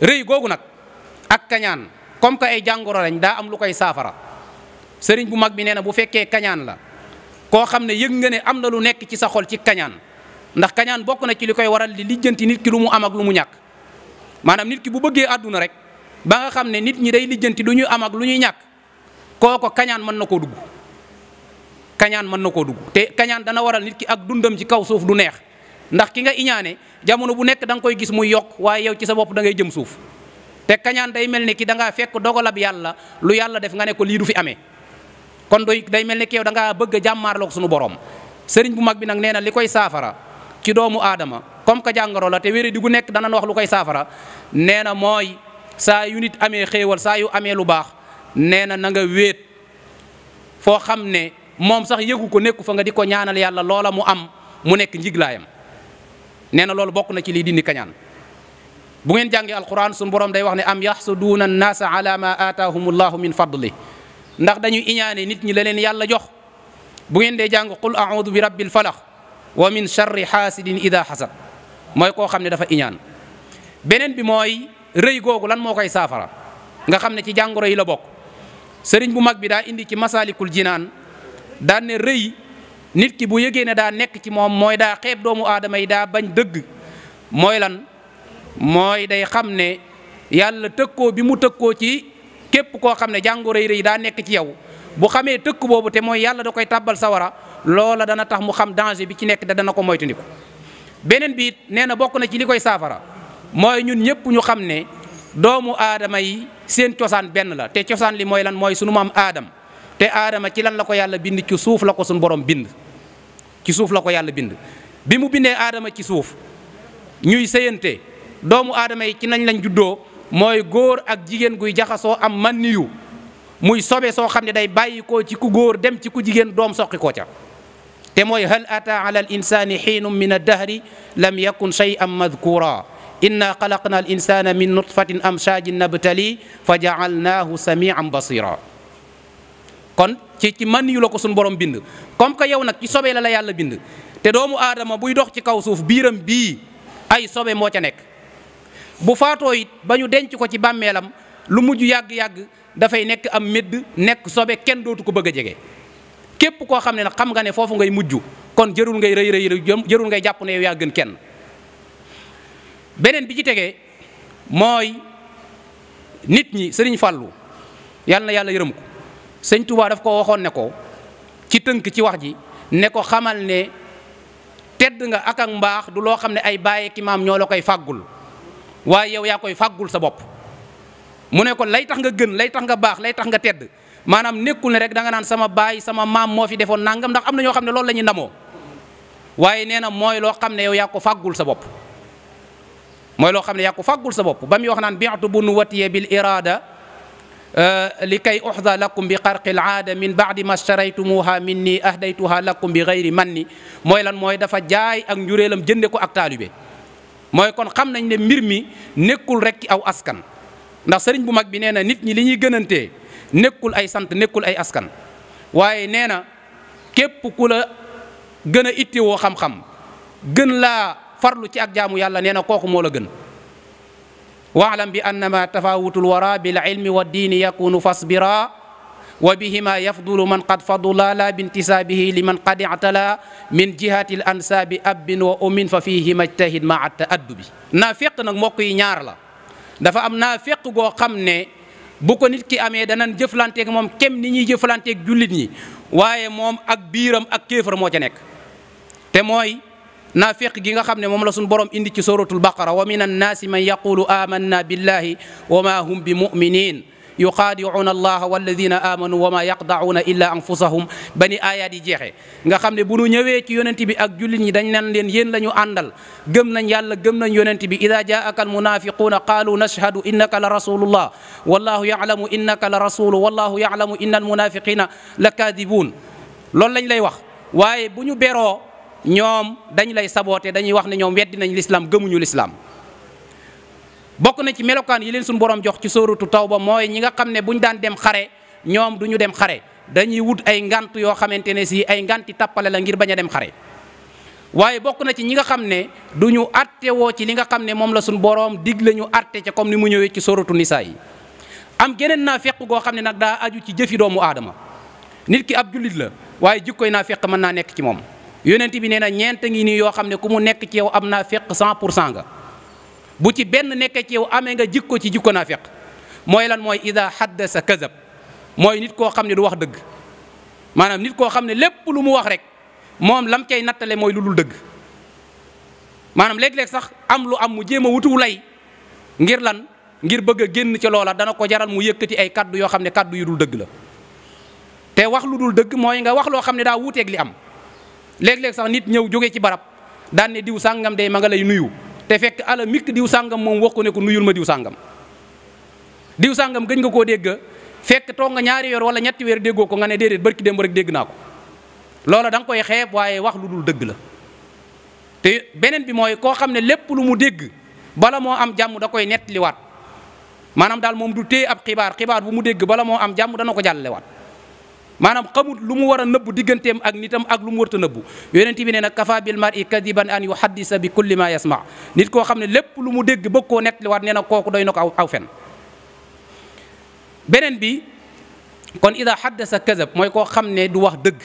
rëy googu nag ak kañaan comme que ay jàngoro lañ daa am lu koy saafara sëriñ bu mag bi nee na bu fekkee kañaan la koo xam ne yëg nga ne am na lu nekk ci sa xol ci kañaan ndax kañaan bokk na ci li koy waral di lijjanti nit ki lu mu am ak lu mu ñàkk maanaam nit ki bu bëggee àdduna rek ba nga xam ne nit ñi day lijjanti lu ñuy am ak lu ñuy ñàkk kooko kañaan mën na koo dugg kañaan mën na koo dugg te kañaan dana waral nit ki ak dundam ci kaw suuf du neex ndax ki nga iñaane jamono bu nekk danga koy gis muy yokk waaye yow ci sa bopp dangay jëm suuf te kañaan day mel ni ki da ngaa fekk dogalab yàlla lu yàlla def nga ne lii du fi amee kon doy day mel ni ki yow da ngaa bëgg a jàmmaarloog suñu borom sëriñ bu mag bi nag nee na li koy saafara ci doomu aadama comme que jàngoro la te wéré di gu nekk danañ wax lu koy saafara nee na mooy saa yu nit amee xéewal saa yu amee lu baax nee na na wéet foo xam ne moom sax yëgu ko nekku fa nga di ko ñaanal yàlla loola mu am mu nekk njiglaayam nee na loolu bokk na ci lii dindi kañaan bu ngeen jàngee alquran suñu borom day wax ne am yaxsuduuna annaasa ala ma aataahum allahu min fadli ndax dañuy iñaane nit ñi la leen yàlla jox bu ngeen dee jàng qul audu bi rabbil falax wa min charri xaasidin ida xasad mooy koo xam ne dafa iñaan beneen bi mooy rëy googu lan moo koy saafara nga xam ne ci jàngoro yi la bokk sëriñ bu mag bi daa indi ci masaalikul jinaan daan ne rëy nit ki bu yëgee ne daa nekk ci moom mooy daa xeeb doomu aadama yi daa bañ dëgg mooy lan mooy day xam ne yàlla tëkkoo bi mu tëkkoo ci képp koo xam ne jàngoro yi daa nekk ci yow bu xamee tëkk boobu te mooy yàlla da koy tàbbal sawara loola dana tax mu xam danger bi ci nekk dana ko moytandiku beneen bi it nee na bokk na ci li koy saafara mooy ñun ñëpp ñu xam ne doomu aadama yi seen cosaan benn la te cosaan li mooy lan mooy sunu maam aadam te aadama ci lan la ko yàlla bind ci suuf la ko suñ borom bind ci suuf la ko yàlla bind bi mu bindee aadama ci suuf ñuy sëyante doomu adama yi ci nañ lañ juddoo mooy góor ak jigéen guy jaxasoo am man niyu muy sobe soo xam ne day bàyyi koo ci ku góor dem ci ku jigéen doom soqi ko ca te mooy hal ata ala al insani xiinum min addahri lam yakun shay'an madkura inna xalaqna al insana min nutfatin amshajin nabtali fa jaalnaahu samian basira kon ci ci man yu la ko suñu borom bind comme que yow nag ci sobee la la yàlla bind te doomu aadama buy dox ci kaw suuf biiram bii ay sobe moo ca nekk bu faatoo it ba ñu denc ko ci bàmmeelam lu mujj yàgg-yàgg dafay nekk am médd nekk sobe kenn dootu ko bëgg a jege képp koo xam ne nag xam nga ne foofu ngay mujj kon jërul ngay rëy rëy jërul ngay jàpp ne yow yaa gën kenn beneen bi ci tegee mooy nit ñi sëriñ fàllu yàlla na yàlla yërëm ko sëñ Touba daf ko waxoon ne ko ci tënk ci wax ji ne ko xamal ne tedd nga ak mbaax du loo xam ne ay bàyyi ki maam ñoo la koy fàggul waaye yow yaa koy fàggul sa bopp mu ne ko lay tax nga gën lay tax nga baax lay tax nga tedd maanaam nekkul ne rek da nga naan sama baay sama maam moo fi defoon nangam ndax am na ñoo xam ne loolu lañuy ñuy ndamoo waaye nee na mooy loo xam ne yow yaa ko fàggul sa bopp mooy loo xam ne yaa ko fàggul sa bopp ba muy wax naan bi'tu bu nu watiyee bil li kay uxda lakum bi xarqil aada min baadi ma staraytumuha min nii ahdaytuha lakum bi xayri man ni mooy lan mooy dafa jaay ak njuréelam jënde ko ak taalibe mooy kon xam nañ ne mbir mi nekkul rek ci aw askan ndax sëriñ bu mag bi nee na nit ñi li ñuy gënantee nekkul ay sant nekkul ay askan waaye nee na képp ku la gën a ittewoo xam-xam gën laa farlu ci ak jaamu yàlla nee na kooku moo la gën waalam bi annama tafawutul wara bil ilmi wa diini yakunu fasbira wa bihima yafdulu man qad fadula la bintisaabihi liman qad i'tala min jihati l ansaabi abbin wa umin fa fihima ijtahid ma at taaddubi naafiq nag mbokk yi ñaar la dafa am naafiq goo xam ne bu ko nit ki amee danañ jëflanteeg moom kem ni ñuy jëflanteeg jullit ñi waaye moom ak biiram ak kéefar moo ca nekk te mooy naafiq gi nga xam ne moom la suñu borom indi ci suratul baqara wa min annaasi man yaqulu amanna billahi wa ma hum bi muminin yuxaadicuuna allaha walladina amanu wa ma yaqdacuuna illa anfusahum ba ni aayaat yi jeexee nga xam ne bu nu ñëwee ci yonent bi ak jullit ñi dañ nan leen yéen la ñu àndal gëm nañ yàlla gam nañ yonent bi ida jaaka almunafiquuna qaalu nashhadu innaka la rasulullah wallahu yaclamu innaka la rasulu wallahu yaclamu inna almunafiqina la kaadibuun la lañ lay wax waaye bu ñu beroo ñoom dañ lay saboote dañuy wax ne ñoom weddi nañ lislaam gëmuñu lislaam bokk na ci melokaan yi leen suñu borom jox ci taw ba mooy ñi nga xam ne ñu daan dem xare ñoom du ñu dem xare dañuy wut ay ngant yoo xamante ne si ay nganti tappale la ngir bañ a dem xare waaye bokk na ci ñi nga xam ne du ñu atte woo ci li nga xam ne moom la suñu borom dig la ñu atte ca comme ni mu ñëwee ci sóoratu nisaa yi am geneen naa feq goo xam ne nag daa aju ci jëfi doomu aadama nit ki ab jullit la waaye jikkoy naa feq mën naa nekk ci moom yonent bi nee na ñeent ngi nii yoo xam ne ku mu nekk ci yow am naa feq cent pour cent nga bu ci benn nekkee ci yow amee nga jikko ci jikko naa feq mooy lan mooy ida sa kazab mooy nit koo xam ne du wax dëgg maanaam nit koo xam ne lépp lu mu wax rek moom lam cay nattale mooy lu dul dëgg maanaam léeg-léeg sax am lu am mu jéem a wutuwu lay ngir lan ngir bëgg a génn ci loola dana ko jaral mu yëkkati ay kaddu yoo xam ne kaddu yu dul dëgg la te wax lu dul dëgg mooy nga wax loo xam ne daa wuuteeg li am léeg-léeg sax nit ñëw jóge ci barab daan diw sàngam day ma nga lay nuyu te fekk ala mikk diw sàngam moom wax ko ne ko nuyul ma diw sàngam diw sàngam gëj nga koo dégg fekk toog nga ñaari yor wala ñetti weer déggoo ko nga ne déedéet barki démb rek dégg naa ko loola da nga koy xeeb waaye wax lu dul dëgg la te beneen bi mooy koo xam ne lépp lu mu dégg bala moo am jàmm da koy nettaliwaat maanaam daal moom du téye ab xibaar xibaar bu mu dégg bala moo am jàmm dana ko jàllalewaat maanaam xamut lu mu war a nëbbu digganteem ak nitam ak lu mu warta nëbbu yonent bi ne nag kafa bil mar'i kadiban an yuhaddisa bi kulli ma yasma nit koo xam ne lépp lu mu dégg bëgg koo nettaliwaat nee na kooku doy na ko aw fen beneen bi kon ida haddasa kazab mooy koo xam ne du wax dëgg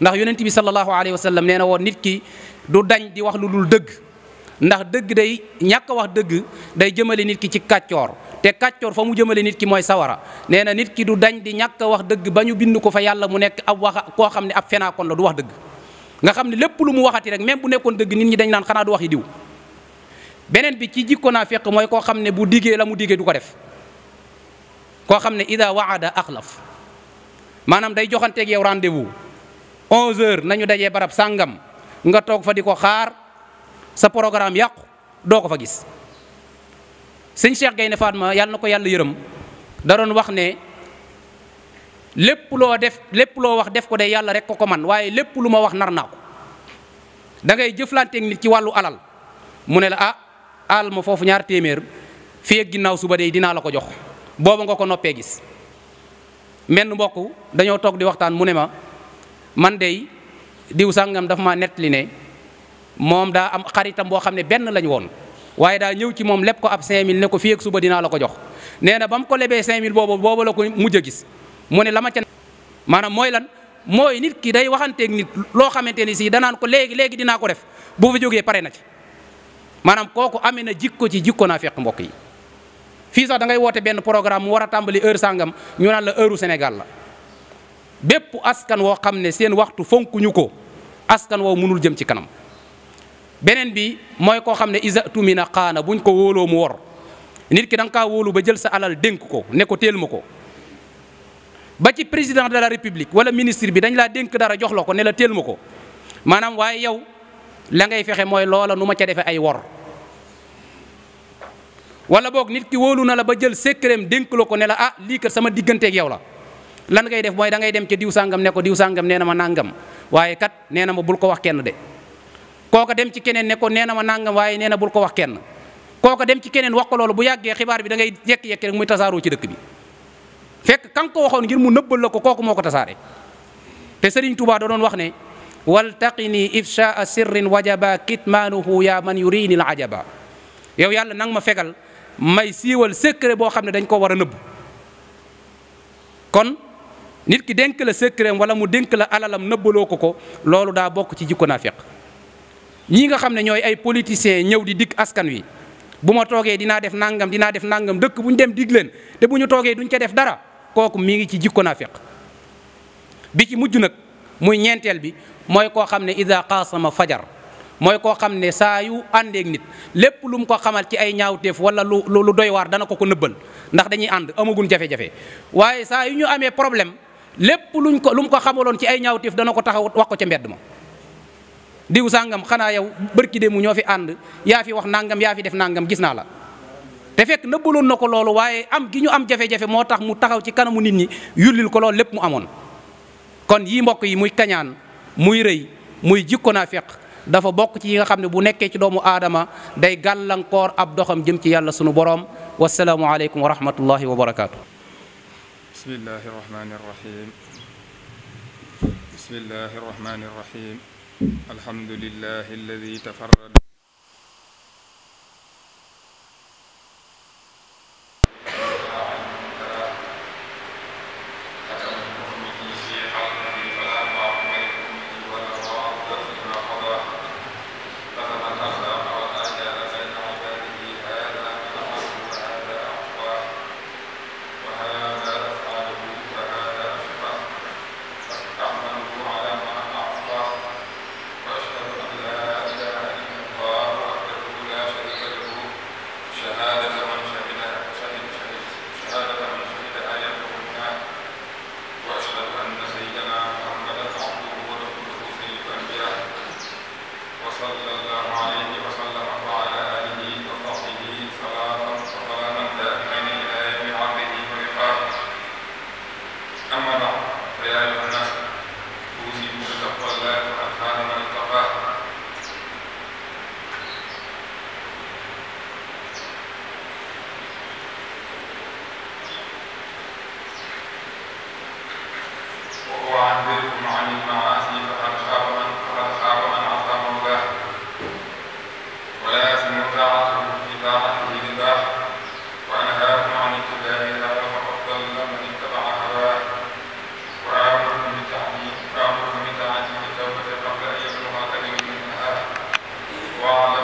ndax yonent bi sallallahu alayhi wa sallam nee na woon nit ki du dañ di wax lu dul dëgg ndax dëgg day ñàkk wax dëgg day jëmale nit ki ci kàccoor te kàccoor fa mu jëmale nit ki mooy sawara nee na nit ki du dañ di ñàkk wax dëgg ba ñu bind ko fa yàlla mu nekk ab wax koo xam ne ab fenaakoon la du wax dëgg nga xam ne lépp lu mu waxati rek même bu nekkoon dëgg nit ñi dañ naan xanaa du wax yi diw beneen bi ci jikko naa fekk mooy koo xam ne bu diggee la mu digee du ko def koo xam ne ida waada axlaf maanaam day joxanteeg yow rendez-vous 11h dajee barab sàngam nga toog fa di ko xaar sa programme yàqu doo ko fa gis sëñ Cheikh Gaynde Fatma yàlla na ko yàlla yërëm da doon wax ne lépp loo def lépp loo wax def ko de yàlla rek ko ko man waaye lépp lu ma wax nar naa ko da ngay jëflanteeg nit ci wàllu alal mu ne la ah al ma foofu ñaar téeméer fii ak ginnaaw suba de dinaa la ko jox booba nga ko noppee gis menn mbokk dañoo toog di waxtaan mu ne ma man dey diw sàngam dafa ma nettali ne moom daa am xaritam boo xam ne benn lañ woon waaye daa ñëw ci moom leb ko ab 5000 ne ko fii ak suba dinaa la ko jox nee na ba ko lebee 5000 boobu boobu la ko mujj a gis mu ne la ma ca maanaam mooy lan mooy nit kii day waxanteeg nit loo xamante ni si danaan ko léegi léegi dinaa ko def boo fi jógee pare na ci maanaam kooku amee na jikko ci jikko naa fekk mbokk yi. fii sax da ngay woote benn programme mu war a tàmbali heure sangam ñu naan la heure Sénégal bépp askan woo xam ne seen waxtu fonkuñu ko askan woo mënul jëm ci kanam. beneen bi mooy koo xam ne isa tumina xaana buñ ko wóoloo mu wor nit ki da kaa wóolu ba jël sa alal dénk ko ne ko téel ma ko ba ci président de la république wala ministre bi dañ laa dénk dara jox la ko ne la téel ma ko maanaam waaye yow la ngay fexe mooy loola nu ma ca defee ay wor wala boog nit ki wóolu na la ba jël secret dénk la ko ne la a ah, lii kat sama digganteeg yow la lan ngay def mooy da ngay dem ca diw sàngam ne ko diw sàngam nee na ma nàngam waaye kat nee na ma bul ko wax kenn de kooka dem ci keneen ne ko nee na ma nangam waaye nee na bul ko wax kenn kooka dem ci keneen wax ko loolu bu yàggee xibaar bi da ngay yekki-yekki rek muy tasaaroo ci dëkk bi fekk kan ko waxoon ngir mu nëbbal la ko kooku moo ko tasaare te sëriñ Touba da wax ne waltaqini ifshaa sirrin wajaba kitmaanuhu yaa man yurini al ajaba yow yàlla nang ma fegal may siiwal secret boo xam ne dañ ko war a nëbb kon nit ki dénk la secret wala mu dénk la alalam nëbbaloo ko ko loolu daa bokk ci jikko naa feq ñii nga xam ne ñooy ay politiciens ñëw di dikk askan wi bu ma toogee dinaa def nangam dinaa def nangam dëkk bu ñu dem dig leen te bu ñu toogee duñ ca def dara kooku mii ngi ci jikko naafiq bi ci mujj nag muy ñeenteel bi mooy koo xam ne ida qaasama fajar mooy koo xam ne saa yu àndeek nit lépp lu mu ko xamal ci ay ñaawteef wala lu lu doy waar dana ko ko nëbbal ndax dañuy ànd amagun jafe-jafe waaye saa yu ñu amee problème lépp luñ ko lu mu ko xamaloon ci ay ñaawteef dana ko taxaw wax ko ca mbedd ma diw sàngam xanaa yow bërki de mu ñoo fi ànd yaa fi wax nangam yaa fi def nangam gis naa la te fekk nëbbaloon na ko loolu waaye am gi ñu am jafe-jafe moo tax mu taxaw ci kanamu nit ñi yullil ko loolu lépp mu amoon kon yii mbokk yi muy kañaan muy rëy muy jikko naa fekk dafa bokk ci yi nga xam ne bu nekkee ci doomu aadama day gàllankoor ab doxam jëm ci yàlla sunu borom wasalaamu aleykum wa rahmatullahi wa barakaatu bismillahi rahmani rahim bismillahi alhamdulillahi alladi tafarrada قال